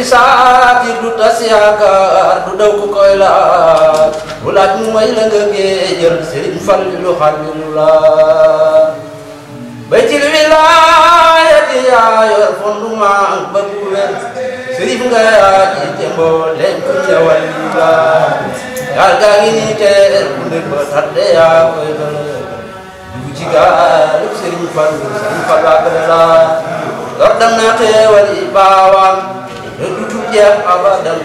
di saatir du tas yaakaar du daw ku koy laaj bu laaj mu may la nga géejal sëriñ fal lu xar bi mu laaj baytil wilaayati yaa yor fondement ba bu wér sëriñ nga yaa jiite mbooleem ku ñëwal li laaj gaal gaa ngi nii teer ku nekk ba tàdde yaa koy gënal dugg ci gaal sëriñ fal sëriñ fal laa gën a laaj lor dem na teewal yi baawaan du jeex abadan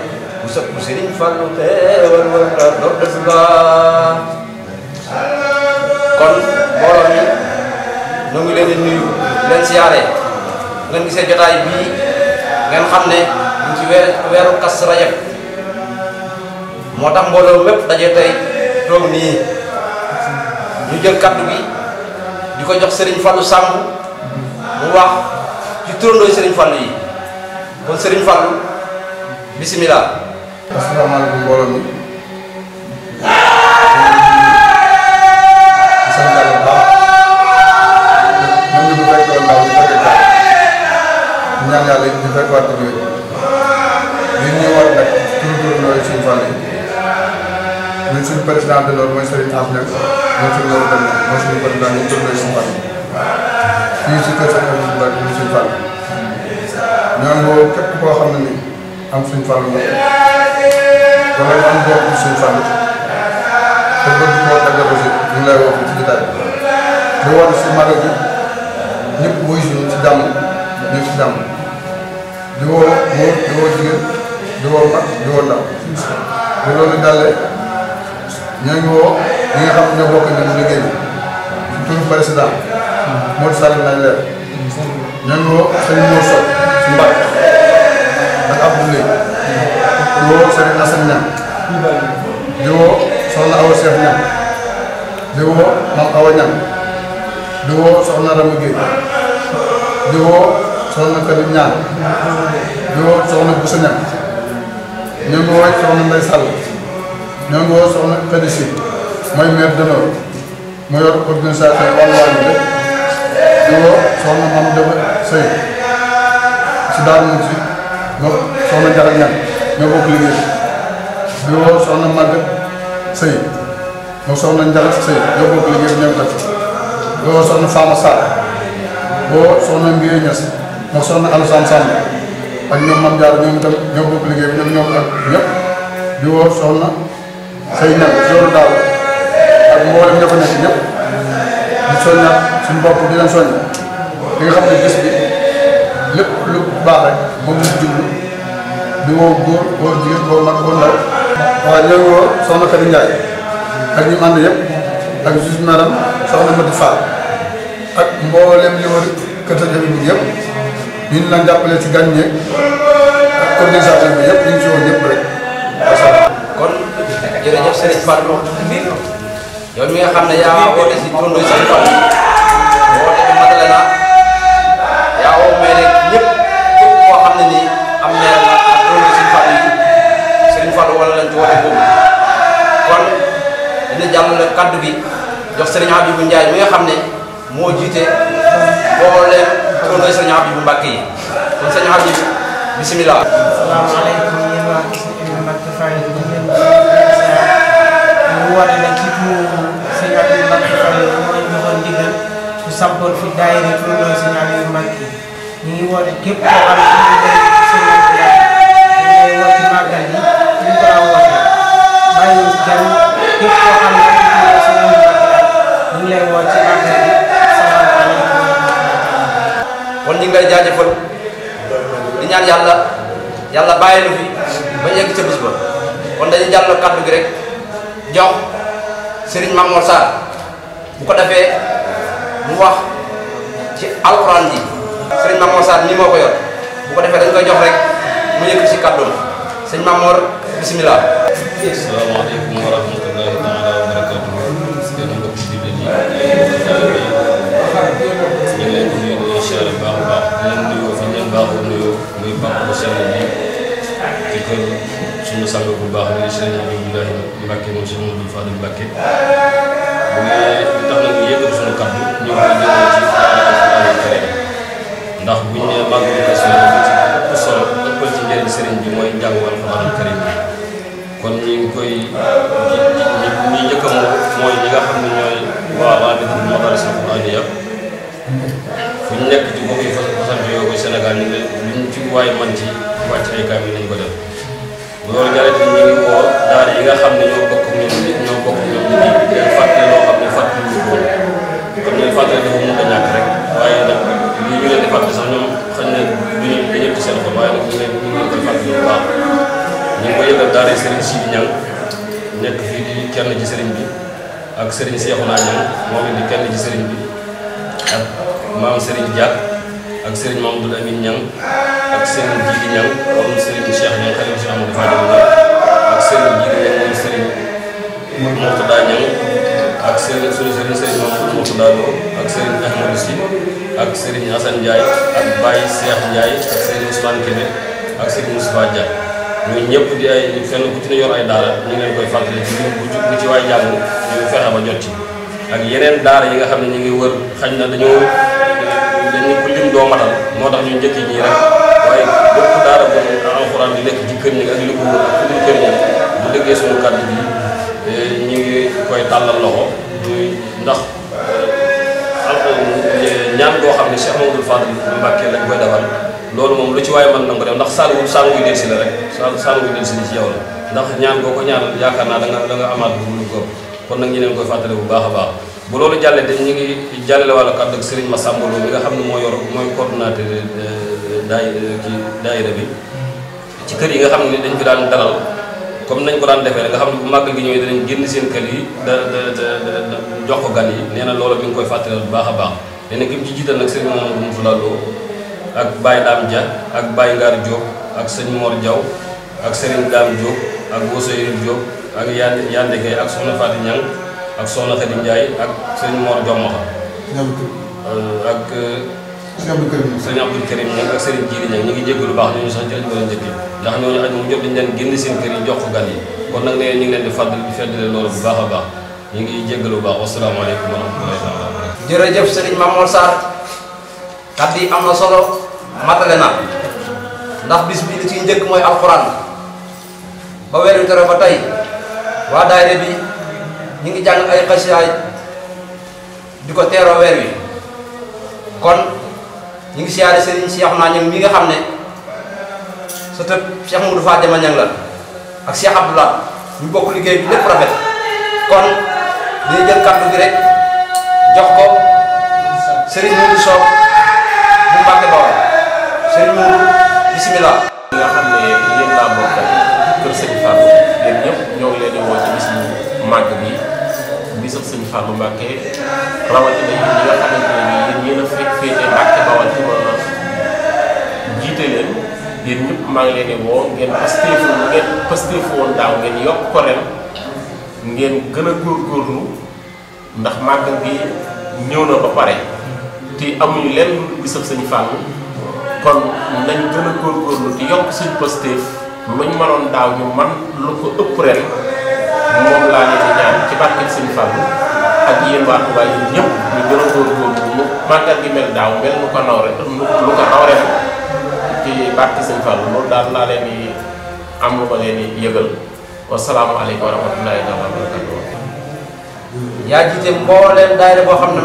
bu sëb bu Sëriñ Fallu teewal war na kon mbooloo mi ñu leen di nuyu leen siyaare ngeen gisee jotaay bii ngeen xam ne ñu ci weer weeru kas rajab moo tax mbooloo mépp daje tey toog nii ñu jël kaddu gi di ko jox Sëriñ Fallu Samb mu wax ci turandoo Sëriñ Fallu yi kon Serigne Fallou bisimilah. asalaamaaleykum mbooloo mi. ñaan yàlla ñu fekk waat di jóge li ñuy war nag turu turu nooy suñu fan yi ñun suñu président de l'ordre mooy Serigne Afia mooy suñu loolu tamit mooy suñu président ñu turu nooy suñu fan yi fii si kër Serigne Afia mooy suñu fan ñaan boobu képp koo xam ne nii am suñ fàllu nga wala nga am bokk suñ fàllu te bëgg koo tàggat aussi ñu lay woo ci jotaay bi ci jàmm ñu ci jàmm di woo góor di woo jigéen di woo mag di woo ndaw te nga xam ne ñoo bokk ñun liggéey bi turu président Modou Sall leer ñoo ngi woo mbay ak Abdoulaye diwoo Serigne Assane Niang diwoo soxna Awa Cheikh Niang diwoo Mame Awa Niang diwoo soxna Rama Gueye diwoo soxna Kabib Niang diwoo soxna Boussa Niang ñoo ngi woo soxna Ndeye Sall mooy maire d'honneur mu yor organisation wàllu waay bi lépp diwoo soxna Mame Daba Seye Darou Mousty moom soxna Jalle Niang ñoo bokk liggéey bi woo soxna Maguette Seye moom soxna Jalle Seye ñoo bokk liggéey bi ñoom itam bi woo soxna Fama Sarr boo soxna Mbiye Niass moom soxna Alassane Samb ak ñoo bokk liggéey bi ñoom ñoom ak ñëpp bi woo soxna Seye bopp di soññ li nga xam ne bés bi. lépp lu baax rek moom lañ jublu di woo góor woo jigéen woo mag woo ndaw. waaw ñoo ngi woo soxna Khady ak ñi mu ànd yëpp ak juge ak mboolem li war kër sa jafe yëpp ñu ngi leen jàppale ci gàncax yeeg ak organisation bi yëpp ñu ngi si woo rek. kon jërëjëf Serigne Fallou yow mi nga xam ne yaa woote si tund Serigne Fallou waxee boobu kon dina jàmm nag kaddu bi jox sëriñ Habibou Ndiaye mi nga xam ne moo jiite mbooleem turandoo sëriñ Habibou Mbacke yi kon sëriñ Habibou bisimilah. asalaamaaleykum yéen waa Sëriñ Mbacke ci tuuru sëriñ Habibou yi mooy joxoon ndigal su sampoon fi daayira turandoo sëriñ Habibou yi ñu ngi woote képp koo xam ne bàyyi wu si kenn képp koo xam ne ñu ci kon ñu bis kon dañuy jàll kàddu gi rek jox Serigne Mamour Sarr bu ko defee mu wax ci alxuraan ji Serigne Mamour Sarr nii moo ko yor bu ko defee dañ jox rek mu yëkkati si kàddu sëñ Mamour. bisimilah. asalaamaaleykum wa rahmatulahi taala wa barakatu. yéen a mbokk jullit yi mbokk taalibe yi ñu ngi leen di nuyu di siyaare baax a baax di leen nuyoo fi ngeen baaxoo nuyoo muy bàq bu sell bi ci kër suñu sang bu baax mi Sëriñ Abdoulahi Mbacke moom Sëriñ Abdoul Fadil Mbacke bu ñu tax nag yëkkati suñu kàddu ñu ngi koy jëlee ci ndax buñ ne màggal jotaayu sëriñ bi mooy njàngu alxuraanul karim kon ñu ngi koy ñi njëkk a mooy ñi nga xam ne ñooy waa rabitatul madaaris alxuraaniyya fu ñu nekk ci bokki façon bi yoo koy Sénégal ñu ngi luñ ci waay man ci wàcc ay kaamil nañ ko def bu loolu jarati ñu ngi woo daara yi nga xam ne ñoo bokk ñoom nit ñoo bokk ñoom nit ñi leen fàttali loo xam ne fàttali ñu woon kon ñun fàttali dafa mën a ñàkk rek waaye nag lii ñu leen di fàttali sax ñoom xëy na du ñu du ñëpp seen xol waaye nag ñu leen bu baax ñu ngi koy yëgal daara sëriñ Sidi Niang nekk fii di kenn ci sëriñ bi ak sëriñ Cheikhouna Niang moom it di kenn ci sëriñ bi ak maam sëriñ Diak ak sëriñ Mamadou Amine Niang ak ak sëriñ Djidi Niang ak sëriñ suñu sëriñ ak sëriñ Ahmadou Sy ak sëriñ Assane Ndiaye ak sëñ Moussa Dia ñooñu ñëpp di ay kenn ku ci ne ay daara ñu ngi leen koy fàttali ci bu ci waay jàng ñu fexe ba jot ci ak yeneen daara yi nga xam ne ñu ngi wër xaj na dañoo dañu ko lim doo matal moo tax ñu njëkk ñii rek waaye bépp daara bu alxuraan di nekk ci kër ñi ak lu ko wër ak li kër ñi bu déggee suñu bi eh, ñu koy tàllal loxo muy ndax eh, ñaan goo xam ne Cheikh Mamadou Fadil Mbacke lañ koy defal loolu moom lu ci waaye mën na ko def ndax sàngu sàngu del si la rek sàngu del si la ci yow la ndax ñaan boo ko ñaan yaakaar naa da nga da nga amaat bu mu ko kon nag ñu leen koy fàttale bu baax a baax bu loolu jàllee dañ ñu ngi jàllale wàllu kàddu ak Serigne Massamba Lo mi nga xam ne moo yor mooy coordonnateur euh, daay ci euh, daayira bi ci kër yi nga xam ne dañ ko daan dalal comme nañ ko daan defee nga xam ne bu màggal gi ñëwee danañ génn seen kër yi da da jox ko gan yi nee na loolu mi ngi koy fàttale bu baax a baax léegi nag ki mu ci jiital nag Serigne Mamadou Moufla Lo ak Baye Dame Dia ak Baye Ngar Diop ak sëñ Mor Diaw ak Serigne Dame Diop ak Ousseynou Diop ak Yande Yande ak Soxna Fatou Niang ak Soxna Khady Ndiaye ak sëñ Mor Diomaxa euh, ak euh, sëñ Abdou Karim Niang ak Serigne Djili Niang ñu ngi jégg lu baax ñooñu sax jël mën a njëkk ndax ñooñu aj moom jot dañ génn seen kër yi jox ko gan yi kon nag nee ñu ngi leen di fàttali di feddale loolu bu baax a baax ñu ngi jégg lu baax wasalaamaaleykum wa rahmatullahi taala jërëjëf Serigne Mamour Sarr kàddu yi am na solo matale na ndax bis bi li njëkk mooy alxuraan ba weer wi ba tey waa daayira bi ñu ngi jàng ay xasiyaay di ko teeroo weer kon ñu ngi siyaare Serigne Cheikh naa ñang mi nga xam ne sa tëb Cheikh Moudou Fadima ñang la ak Cheikh Abdoulaye ñu bokk liggéey bi lépp rafet kon dañuy jël kàddu gi jox ko Serigne Moudou Sow bu Mbàkke Bawol sëñ Nourou bisimilah. nga xam ne yéen laa bokk ak kër sëñ Fallou yéen ñëpp ñoo ngi leen di woo ci bis màgg bi bisab sëñ Fallou Mbacke rawatina yi nga xamante jiite leen yéen ñëpp maa leen woo ngeen pasteefu ngeen pasteefu woon daaw ngeen yokk ko ren ngeen gën a góorgóorlu ndax màgg bi ñëw na ba pare te amuñu leen bisab sëñ Fallou. kon nañ gën a góorgóorlu di yokk suñ positif luñ mënoon daaw ñu man lu ko ëpp ren moom laa leen di ñaan ci barkeb Sëñ Fallu ak yéen waa yi ñëpp ñu gën a góorgóorlu mu màggal gi mel daaw mel lu ko naw rek lu ko naw ren ci barke Sëñ Fallu loolu daal laa leen di leen yëgal wasalaamualeykum wa rahmatullahi xam ne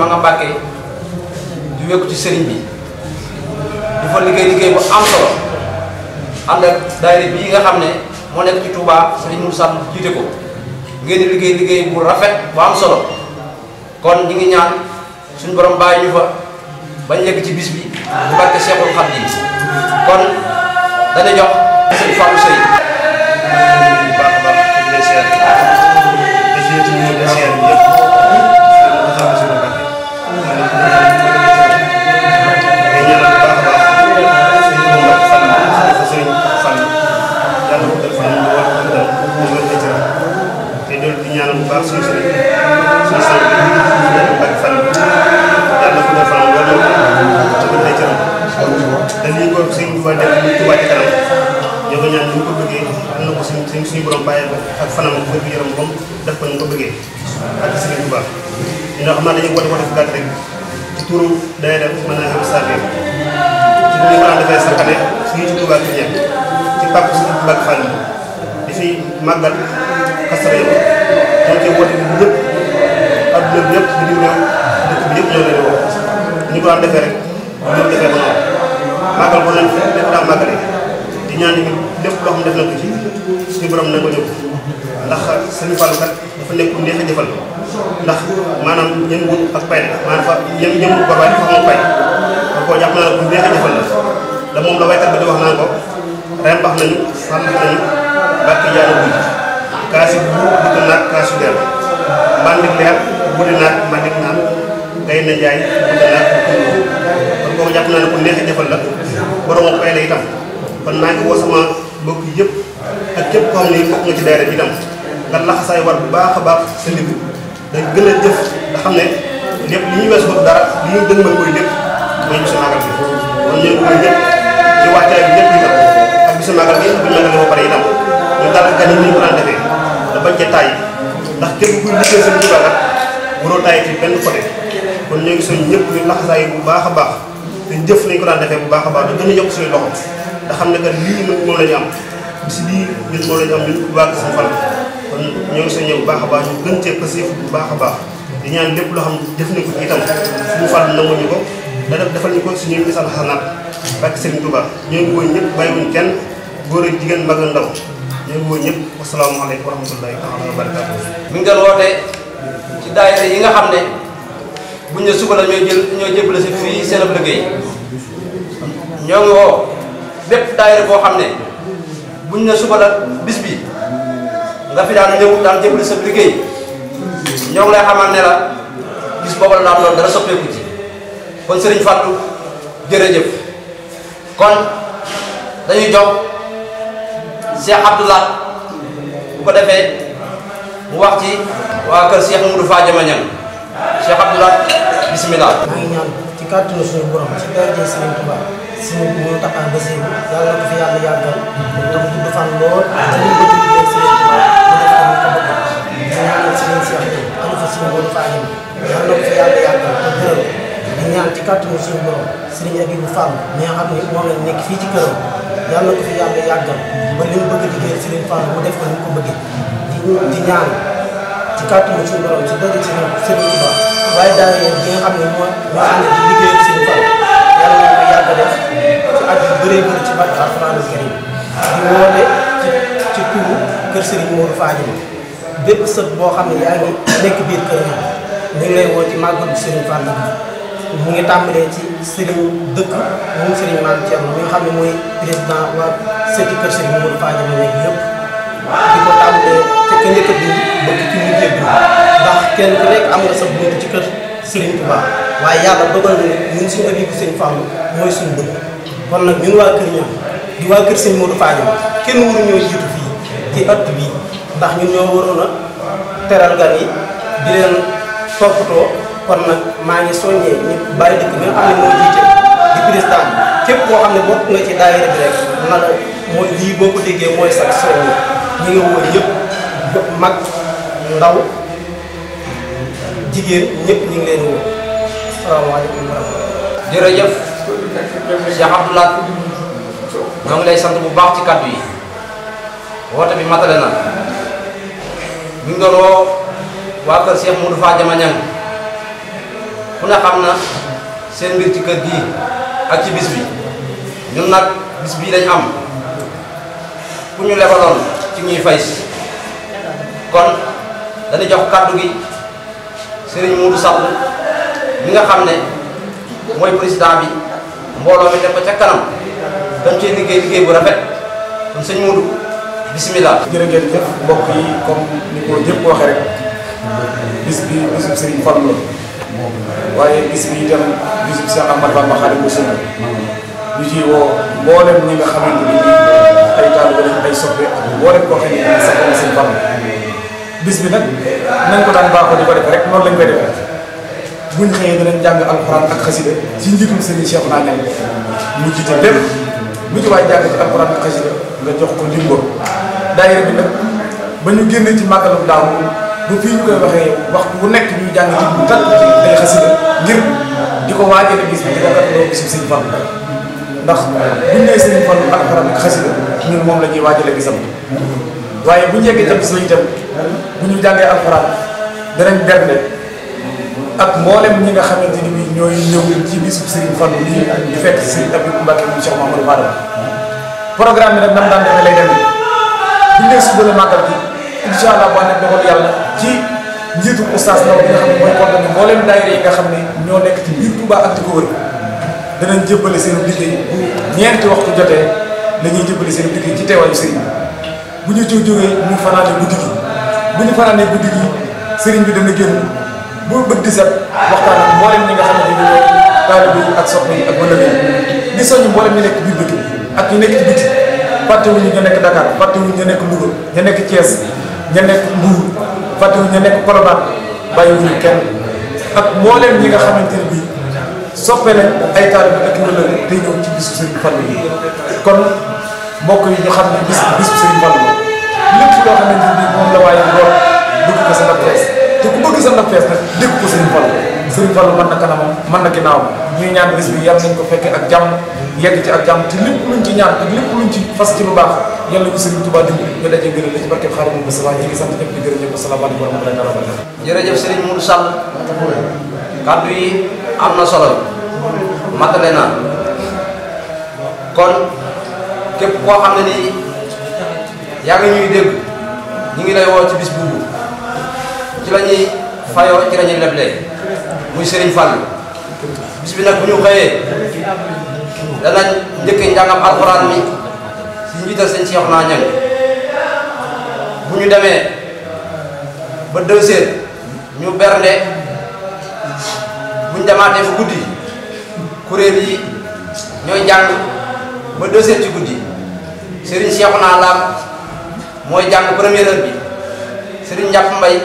ma nga Mbàkke di wékku ci sëriñ bi dafa liggéey liggéey bu am solo ànd ak daayira bii nga xam ne moo nekk ci Touba Serigne Moussa jiite ko ngeen di liggéey liggéey bu rafet bu am solo kon ñi ngi ñaan suñu borom bàyyi ñu fa bañ yegg ci bis bi bu barke Cheikhul Khadim kon dañu jox Serigne Fallou Seye lii ko sëñ Tuubaa def muy Tuubaa ci kanam ñoo ko ñaan ñu ko bëggee am na ko suñ suñ suñu ak fanam bu ko yaram moom def ko ñu ko bëggee ak sëñ Tuubaa ndax man dañuy woote woote fu gàtt rek ci turu day def mën a defee sa xane fii ci Tuubaa ci ñeent ci pàpp ak Fall di fi màggal xasara yow ñoo ci woote bi ñëpp adduna ñu ko am defee rek màggal ko leen def daal màggale di ñaan ñu lépp loo def na ko ci suñu borom na ko ñëw ndax sëñ Fall kat dafa nekk lu neex a jëfal ndax maanaam ñen wut ak pay la fa ñen ñen wut ba pay dafa moom naa lu neex a jëfal la da moom la waykat bi di wax naan ko kaasi bu bëgg leer mbandik leer bu di naag mbandik naan gay na jaay bu di kooku jàpp naa ne ku a jëfal la borom ak fay la itam kon naa ngi woo sama mbokk yëpp ak bi itam nga laxasaay war bu baax a baax sa liggéey gën a jëf xam ne lépp li ñuy weesu bopp dara li ñuy dëng mën mooy lépp mooy bisu màggal bi kon ñun ko daan defee da bañ ca taay ndax képp kuy liggéey seen Tuubaa laxasaay bu baax a baax dañ jëf nañ ko daan defee bu baax a baax da gën a yokk suñu loxo te xam ne que lii ñun moom la ñu am bis bii ñun moom la ñu am ñun bu baax suñu bu baax a baax ñu gën cee pasif bu baax a baax di ñaan lépp loo xam ne def nañ ko ci itam suñu fan nangu ñu ko da def defal ñu ko suñu misal xanaat bàkk Serigne Touba ñoo ngi woon ñëpp bàyyiwuñ kenn góor ak jigéen mag ak ndaw ñoo ngi woon ñëpp wasalaamaaleykum wa rahmatullahi taala wa barakatuh mi ngi doon woote ci daayira yi nga xam ne buñ ne suba la ñooy jël ñooy jébbale si fii seen ab liggéey ñoo ngi woo bépp daayira boo xam ne buñ ne suba la bis bi nga fi daan ñëw daan jébbale sa liggéey ñoo ngi lay xamal ne la bis boobu la daan kon Serigne Fatou jërëjëf kon dañuy jox Cheikh bu ko defee mu wax ci waa kër Cheikh Moudou Fadio Mañane Cheikh Abdoulaye bisimilah. maa ngi ñaan ci kàttanu suñu borom ci daraja Sëriñ Tuuba suñu ñu taxaw ba si yàlla ko fi yàlla yàggal. tam du fan lool. ci liñ ko tuddee Sëriñ Tuuba ñu def ko ko bëgg. ñu ñaanal Sëriñ Cheikh bi am fa suñu bon fànn yàlla ko fi yàlla yàggal te gërëm di ñaan ci kàttanu suñu borom Sëriñ Abibu Fall mi nga xam ne moom lañ nekk fii ci këram yàlla ko fi yàlla yàggal ba li mu bëgg liggéey Sëriñ Fall mu def ko ni mu ko bëggee di ñaan ci kàttanu suñu borom ci daraja Sëriñ Tuuba waaye daal yéen ñi nga xam ne mooy mooy ànd ci liggéey ak seen fan yàlla na yàgg def ci at yu bëree bëri ci barke alxuraanul karim di woote ci ci turu kër Serigne Modou Fadilou bépp sët boo xam ne yaa ngi nekk biir kër gi ñu ngi lay woo ci màggalu Serigne Fallou mu ngi tàmbalee ci Serigne dëkk moom Serigne Mame Thierno mi xam ne mooy président waa sëti kër Serigne Modou Fadilou nekk yëpp di ko tàmbalee. ki njëkk ci kër Serigne Touba waaye yàlla dogal na ñun suñu abibu sëñ Fallou mooy suñu bëgg kon nag ci ëtt bi ndax ñun ñoo waroon a teral gan yi di leen maa ngi soññee ñu bàyyi dëkk bi nga moo jiite di président képp koo xam ne bokk nga ci daayira bi lii boo ko déggee mooy sax soññi ñu ngi mag ndaw jigéen ñëpp ñu ngi leen woo asalaamaaleykum wa rahmatulah. jërëjëf Cheikh Abdou Lahad ñoo ngi lay sant bu baax ci kàddu yi woote bi matale na ñu ngi doon woo waa kër Cheikh Moudou Fa Jamañang ku ne xam na seen mbir ci kër gii ak ci bis bi ñun nag bis bii lañ am ku ñu lebaloon ci ñuy fay kon dañu jox kàddu gi Serigne Modou Sall mi nga xam ne mooy président bi mbooloo mi def ko ca kanam dañ cee liggéey liggéey bu rafet kon sëñ Modou bisimilah. jërë ngeen jëf mbokk yi comme ni ko ñëpp waxee rek bis bi bisub Serigne Fallou la waaye bis bi itam ñu woo mboolem ñi nga xamante ni ay taalibe ay soppe ak mboolem koo xam ne sa bopp seen Fallou bis bi nag nañ ko daan baaxoo di ko def rek noonu lañ koy defee buñ xëyee danañ jàng alxuraan ak xasida ci njiitum sëriñ Cheikh naa ñaan mu jiite lépp lu ci waay jàng ci alxuraan ak xasida nga jox ko bi ba ñu génnee ci màggalam daaw ba fii ñu koy waxtu bu nekk ñuy jàng nit bu tàkk ci day xasida ngir di ko waajale bis bi di ko gàttaloo bisu sëñ Fall ndax la waaye bu ñu yeggee tam bis la itam bu ñu jàngee alxuraan danañ bernde ak mboolem ñi nga xamante ni bii ñooy ñëw ci bisu Serigne Fallou lii ak di fekk Serigne Abdou Mbacke mu Cheikh Mamadou Fadal programme bi nag bu ñu dee suba la bi incha allah boo nekk ci njiitu oustaz Ndaw bi yi nga xam ñoo nekk ci biir ko wër danañ jébbale seen liggéey bu ñeenti waxtu jotee la ñuy jébbale ci teewaayu Serigne bu ñu bu ñu fanaanee guddi gi sëriñ bi dana génn bu bët di set waxtaan ak mboolem ñi nga xam ne ñoo taalibe yi ak soxna yi ak wëllëg yi di soññ mboolem ñu nekk biir dëkk ak ñu nekk ci biti fàttewuñu ñu nekk Dakar fàttewuñu ñu nekk Louga ñu nekk Thiès ñu nekk Mbour fàttewuñu ñu nekk Colobane bàyyiwuñu kenn ak mboolem ñi nga xam ne bii soppe nañ ay taalibe ak wëllëg day ñëw ci bisu sëriñ Fallu yi kon mbokk yi ñu xam ne bis bisu sëriñ Fallu lépp loo xamante ni na kanamam mën na ginnaawam ñaan bés bi yàlla nañ ko fekkee ak jàmm yegg ci ak jàmm te lépp luñ ci ñaan ak lépp luñ ci fas ci lu baax yàlla ko Serigne Touba dégg ñu daje gërëm la ci barkeb xaaral moom bisimilah ñu ngi sant ñëpp di gërëm ñëpp asalaamaaleykum wa rahmatulah wa a jërëjëf Serigne Mourou Sall kaddu yi am na solo matale na kon képp koo xam ne nii yaa ngi ñuy dégg ñu ngi lay woo ci bis bu ci la ñuy fayoo ci la ñuy leblee muy Serigne Fall bis nag bu ñu xëyee danañ njëkkee njàngam alxuraan mi si njiital sëñ Cheikh naa ñan bu ñu demee ba deux heures ñu bernde bu ñu demaatee fu guddi kuréel yi ñooy jàng ba deux heures ci guddi Serigne Cheikh naa laam mooy jàng première heure bi Serigne Ndiap mbay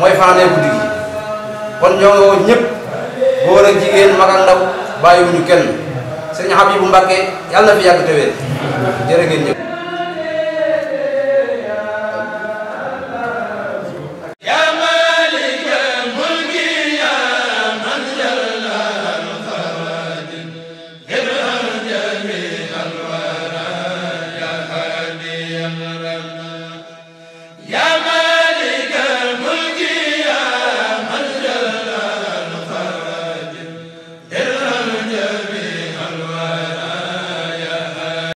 mooy fanaanee guddi gi kon ñoo ngi woo ñëpp góor ak jigéen mag ak ndaw bàyyiwuñu kenn Serigne Habibou Mbacké yàlla na fi yàgg te wér jërë